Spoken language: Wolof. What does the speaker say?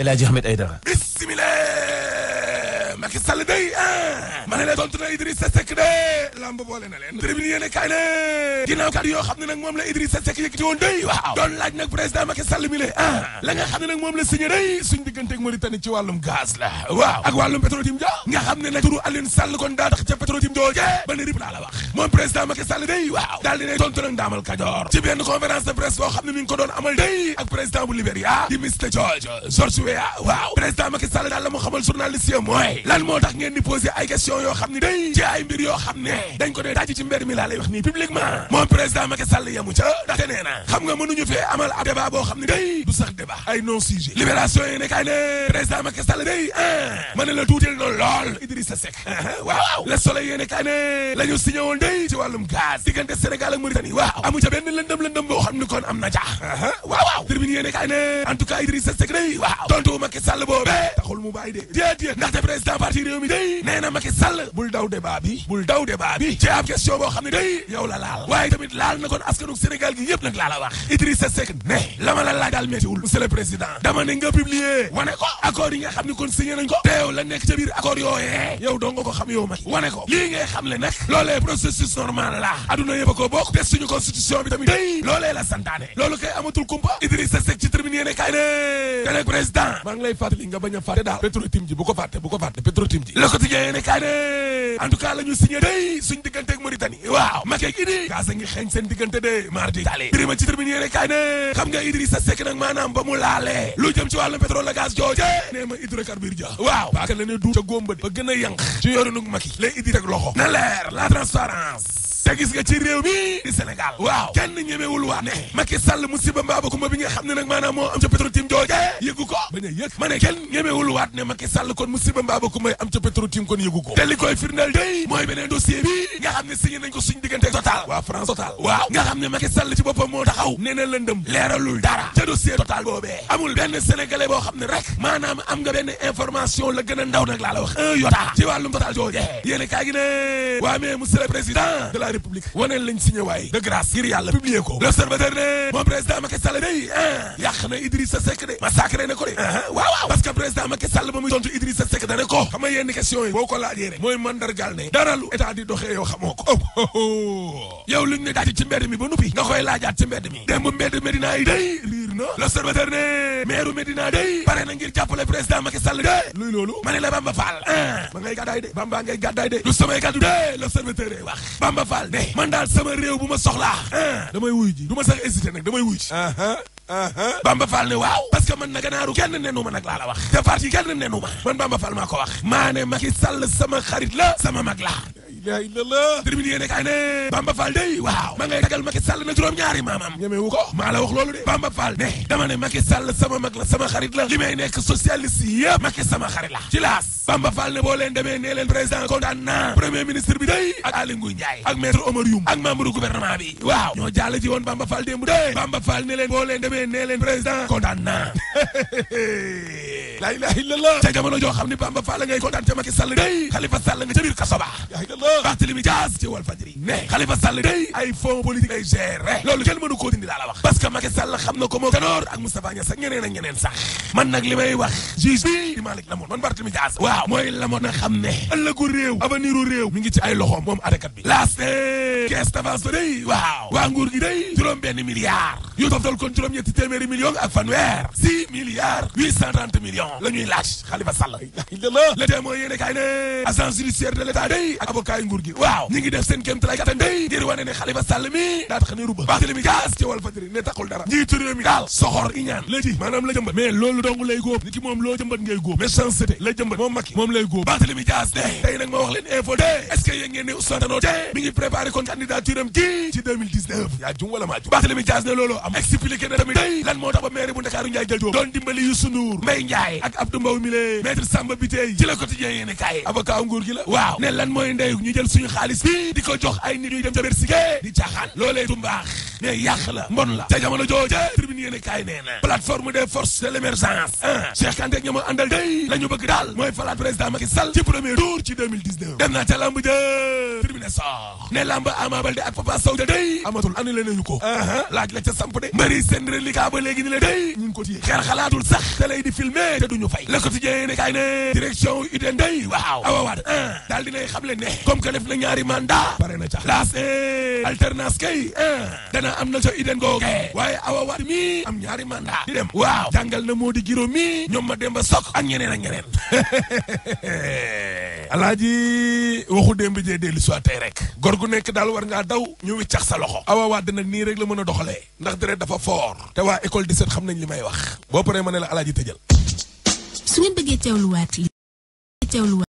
El Hadj Ahmed Aidara Macky Sall ah. la na Idrissa la Idrissa Seck yëkkati woon day waaw doon ah. nga xam nag moom la signé day diggante ak Mauritanie ci wàllum gaz la waaw ak wàllum Petro-Tim ja nga xam nag turu Alioune Sall kon daa tax ca Petro-Tim jooje ba ne rip laa la wax moom président Macky Sall daal di ne tontu nag ndaamal Kajoor ci benn conférence de presse boo xam ne mi ko doon amal day ak président bu Libéria di Mr George George Weah waaw président Macky Sall daal la mu xamal journaliste yi lan moo tax ngeen di poser ay question yoo xam ne day ci ay mbir yoo xam ne dañ ko dee dajji ci mbir mi laa lay wax nii publiquement moom président Macky Sall yamu ca ndaxte nee xam nga mënuñu fee amal ab débat boo xam ne day du sax débat ay non sujet libération yi ne kay ne président Macky Sall day ah ma ne la tuutil na lool Idrissa Seck waaw le soleil yéene kay ne la ñu signé woon day ci wàllum gaz diggante Sénégal ak Mauritanie waaw amu ca benn lëndëm lëndëm boo xam ne kon am na jaax waaw waaw parti réew mi day dama ne nga publier wane ko accord yi nga xam ne kon signé nañ ko te la nekk ca biir accord yooyee yow doo nga ko xam yow Macky lii ngay xam le nag loolee processus normal la aduna yëpp a ko bokk te suñu constitution bi tamit day loolee la santaane loolu kay amatul kumpa Idrissa Seck ci tribune yéene kaay ne président maa ngi lay fàttali nga bañ a fàtte daal Petro-Tim ji bu ko fàtte bu ko fàtte trotim ji le quotidien ne en tout la ñu signé day suñ diggante ak Mauritanie waaw ma gi di kaasa ngi xeeñ seen diggante de mardi tali dirima ci termine yéene kaay ne xam nga Idrissa Seck nag maanaam ba mu laalee lu jëm ci wàllum pétrole ak gaz jooje nee ma hydrocarbure ja waaw baaka la ne du ca de ba gën a yànq ci yoonu nag Macky lay Idrissa teg loxo na leer la transparence te gis nga ci réew mi di Sénégal waaw kenn ñemewul waa ne Macky Sall musiba mbaaba kuma bi nga xam ne nag maanaam moo am ca Petro-Tim jooje yëgu ko bañ a yëg ma ne kenn ñemewul waat ne Macky Sall kon musiba mbaaba kuma am ca Petro-Tim kon yëgu ko te li koy firndeel day mooy beneen dossier bi nga xam ne signé nañ ko suñ diggante Total waa France Total waaw nga xam ne Macky Sall ci boppam moo taxaw nee na lëndëm leeralul dara ca dossier Total boobee amul benn sénégalais boo xam ne rek maanaam am nga benn information la gën a ndaw nag laa la wax un yotaa ci wàllum Total jooje yéen kaay gi ne waa mais monsieur le président la république waneen lañ signé waaye de grâce ngir yàlla publier ko l'observateur ne moom président Macky Sall day ah yàq na Idrissa Seck de massacré na ko de waaw waaw parce président Macky Sall ba muy tontu Idrissa Seck dane ko xam yenn question yi boo ko laajee rek mooy mandargal ne dara lu état di doxee yow xamoo oh, oh, oh, yow liñ ne daati ci mbedd mi ba nuppi nga koy laajaat ci mbedd mi démb mbedd Medina yi day na l'observateur ne maire Medina day pare na ngir président Macky Sall de luy loolu ma ne la Bamba Fall a ma ngay gàddaay de Bamba ngay gàddaay de du samay kàddu de l'observateur ne wax Bamba Fall ne man daal sama réew bu ma soxlaa a damay wuy ji du ma sax hésité nag damay wuy ji Bamba Fall ne waaw parce que man na ganaaru kenn nenu ma nag laa la wax te parti kenn nenu ma man Bamba Fall maa ko wax maa ne Macky sama xarit la sama mag la ilaha illallah terminé yéene kaay ne Bamba Fall day waaw ma ngay ragal Macky Sall na juróom-ñaari maamam ñemewu ko maa la wax loolu de Bamba Fall ne dama ne Macky Sall sama mag la sama xarit la li may nekk socialiste yëpp Macky sama xarit la ci laas Bamba Fall ne boo leen demee nee leen président kontaan naa premier ministre bi day ak Aly Ngouille Ndiaye ak maître Oumar Youm ak membre gouvernement bi waaw ñoo jàll ci woon Bamba Fall démb de Bamba Fall ne leen boo leen demee nee leen président kontaan naa لا إله إلا الله تاي جامونو جو خامني بامبا فا لا غاي كونتانتي ماكي سال داي خليفه سال نجا بير كاسوبا يا إله الله باتلي مي جاز تي وال فجري خليفه سال داي اي فون بوليتيك اي جير لولو كيل مانو كودي ندي لا واخ باسكو ماكي سال خامنا كو مو كنور اك مصطفى نيا سا نينن اك نينن صاح مان نك جيس بي دي مالك لامون مان باتلي مي واو موي لامون خامني الا كو ريو ابا نيرو ريو ميغي تي اي لوخوم موم اركات بي لاس اي كيست افاس داي واو وا نغور دي داي جروم بن مليار يوتوف دول كون جروم نيتي six la ñuy laaj Khalifa Sall le témoin de l'état day ak avocat yi waaw ñi ngi def seen kéem talaay kattan day ngir wane ne Khalifa Sall mi daa tax ne ruba Barthélémy Dias ci Walf ne taxul dara njiitu réew mi daal soxor i la ji maanaam la jëmbat mais loolu dong lay góob nit ki moom loo jëmbat ngay góob méchanceté la jëmbat moom Macky moom lay góob Barthélémy Dias de tey nag ma wax leen info de est-ce ngeen ne Ousmane mi ngi Diop doon dimbali Youssou Ndour Mbaye Ndiaye ak Abdou Mbow mi lee maître Samba Bitèye ci le quotidien yéen kaay avocat nguur gi la waaw ne lan mooy ndeyu ñu jël suñu xaalis bi di ko jox ay nit ñuy dem ca Bercy di caaxaan loolee du mbaax mais yàq la mbon la ca jamono jooje yéen a kaay nee na plateforme des forces de l' émergence ah Cheikh Kanté ak ña ma àndal day la ñu bëgg daal mooy falaat président Macky ci premier tour ci 2019 dem ca lamb ja tribune sox ne lamb Ama ak Papa Sow day amatul annulé nañu ko ah, ah. laaj la ca samp de mbëri seen reliquat ba léegi ni la day ñu ko téye xeer xalaatul sax te lay di filmer te duñu fay le quotidien yéen a kaay ne direction UDN day waaw awawaat ah daal dinay xam le ne comme que def na ñaari mandat pare na ca laas eh, alternance ah, mi am ñaari mandat di dem waaw jàngal na moo di giro mi ñoom ma dem ba sok ak ñeneen ak ñeneen alaaji waxu démb jee dellu si tey rek gor gu nekk daal war ngaa daw ñu wiccax sa loxo awa wadd nag nii rek la mën a doxalee ndax deret dafa fort te waa école 17 xam nañ li may wax boo paree ma ne la alaaji tëjal su ngeen bëggee teewluwaat li teewluwaat